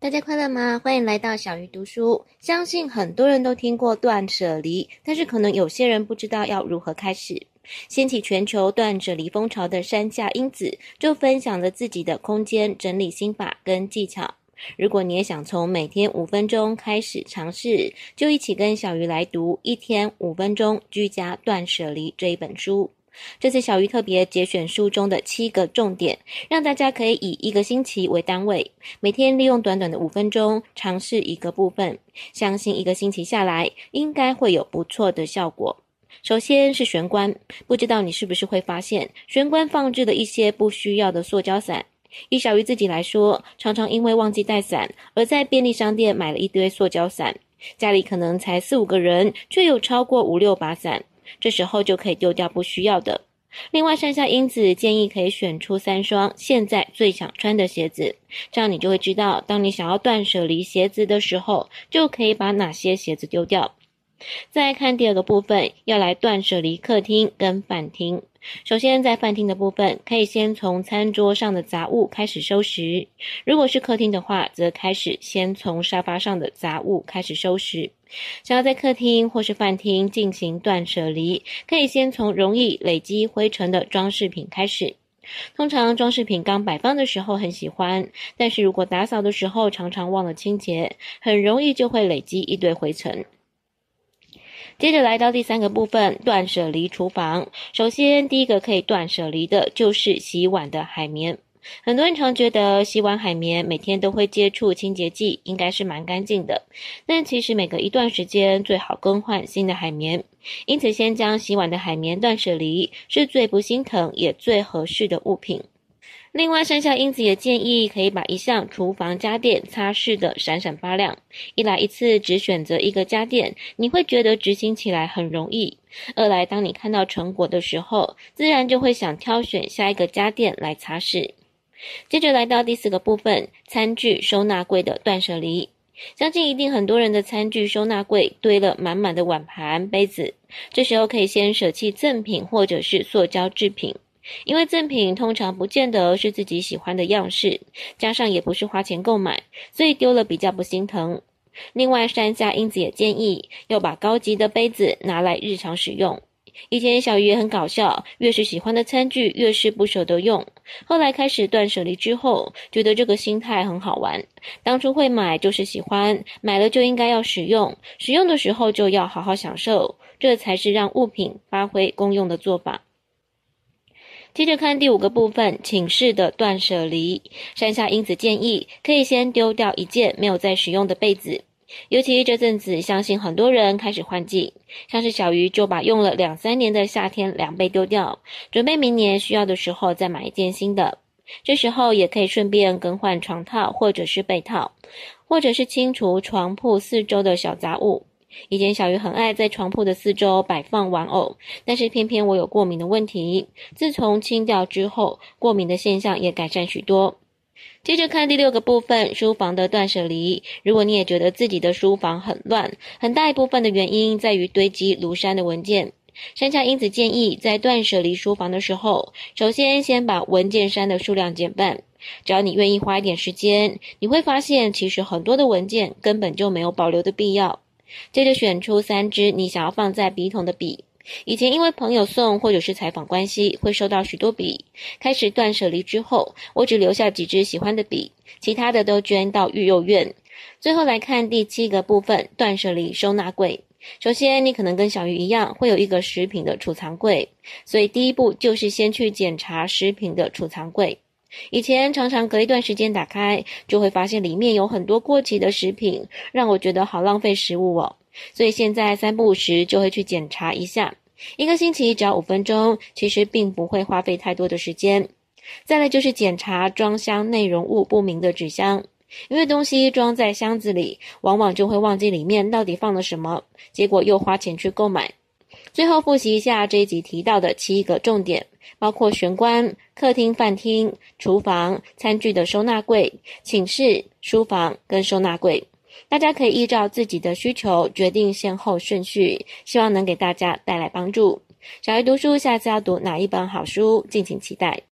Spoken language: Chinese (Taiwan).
大家快樂嗎？歡迎來到小魚讀書。相信很多人都聽過斷捨離，但是可能有些人不知道要如何開始。掀起全球斷捨離風潮的山下英子就分享了自己的空間整理心法跟技巧。如果你也想從每天五分鐘開始嘗試，就一起跟小魚來讀《一天五分鐘居家斷捨離》這一本書。這次小魚特別節選書中的七個重點，讓大家可以以一個星期為單位，每天利用短短的五分鐘嘗試一個部分，相信一個星期下來應該會有不錯的效果。首先是玄關，不知道你是不是會發現，玄關放置的一些不需要的塑膠傘。以小魚自己來說，常常因為忘記帶傘，而在便利商店買了一堆塑膠傘，家裡可能才四五個人，卻有超過五六把傘。這時候就可以丟掉不需要的。另外，山下英子建議可以選出三雙現在最想穿的鞋子，這樣你就會知道，當你想要斷捨離鞋子的時候，就可以把哪些鞋子丟掉。再看第二個部分，要來斷捨離客廳跟飯廳。首先，在飯廳的部分，可以先從餐桌上的雜物開始收拾；如果是客廳的話，則開始先從沙發上的雜物開始收拾。想要在客廳或是飯廳進行斷捨離，可以先從容易累積灰塵的裝飾品開始。通常，裝飾品剛擺放的時候很喜歡，但是如果打掃的時候常常忘了清潔，很容易就會累積一堆灰塵。接着來到第三個部分，斷捨離廚房。首先，第一個可以斷捨離的就是洗碗的海綿。很多人常覺得洗碗海綿每天都會接觸清潔劑，應該是蠻乾淨的。但其實每隔一段時間最好更換新的海綿。因此，先將洗碗的海綿斷捨離，是最不心疼也最合適的物品。另外，山下英子也建議可以把一項廚房家電擦拭得閃閃發亮。一來，一次只選擇一個家電，你會覺得執行起來很容易；二來，當你看到成果的時候，自然就會想挑選下一個家電來擦拭。接着來到第四個部分，餐具收納櫃的斷捨離。相信一定很多人的餐具收納櫃堆了滿滿的碗盤杯子，這時候可以先捨棄贈品或者是塑膠製品。因為贈品通常不見得是自己喜歡的樣式，加上也不是花錢購買，所以丟了比較不心疼。另外，山下英子也建議要把高級的杯子拿來日常使用。以前小魚也很搞笑，越是喜歡的餐具越是不捨得用。後來開始斷捨離之後，覺得這個心態很好玩。當初會買就是喜歡，買了就應該要使用，使用的時候就要好好享受，這才是讓物品發揮功用的做法。接着看第五個部分，寢室的斷捨離。山下英子建議可以先丟掉一件沒有在使用的被子，尤其這陣子，相信很多人開始換季，像是小魚就把用了兩三年的夏天涼被丟掉，準備明年需要的時候再買一件新的。這時候也可以順便更換床套或者是被套，或者是清除床鋪四周的小雜物。以前小魚很愛在床鋪的四周擺放玩偶，但是偏偏我有過敏的問題。自從清掉之後，過敏的現象也改善許多。接着看第六個部分：書房的斷捨離。如果你也覺得自己的書房很亂，很大一部分的原因在於堆積如山的文件。山下英子建議，在斷捨離書房的時候，首先先把文件山的數量減半。只要你願意花一點時間，你會發現其實很多的文件根本就沒有保留的必要。接着選出三支你想要放在筆筒的筆。以前因為朋友送或者是採訪關係，會收到許多筆。開始斷捨離之後，我只留下幾支喜歡的筆，其他的都捐到育幼院。最後來看第七個部分——斷捨離收納櫃。首先，你可能跟小魚一樣，會有一個食品的儲藏櫃，所以第一步就是先去檢查食品的儲藏櫃。以前常常隔一段時間打開，就會發現裡面有很多過期的食品，讓我覺得好浪費食物哦。所以現在三不五時就會去檢查一下，一個星期只要五分鐘，其實並不會花費太多的時間。再來就是檢查裝箱內容物不明的紙箱，因為東西裝在箱子裡，往往就會忘記裡面到底放了什麼，結果又花錢去購買。最後複習一下這一集提到的七個重點，包括玄關、客廳、飯廳、廚房、餐具的收納櫃、寢室、書房跟收納櫃。大家可以依照自己的需求決定先後順序，希望能給大家帶來幫助。小魚讀書，下次要讀哪一本好書，敬請期待。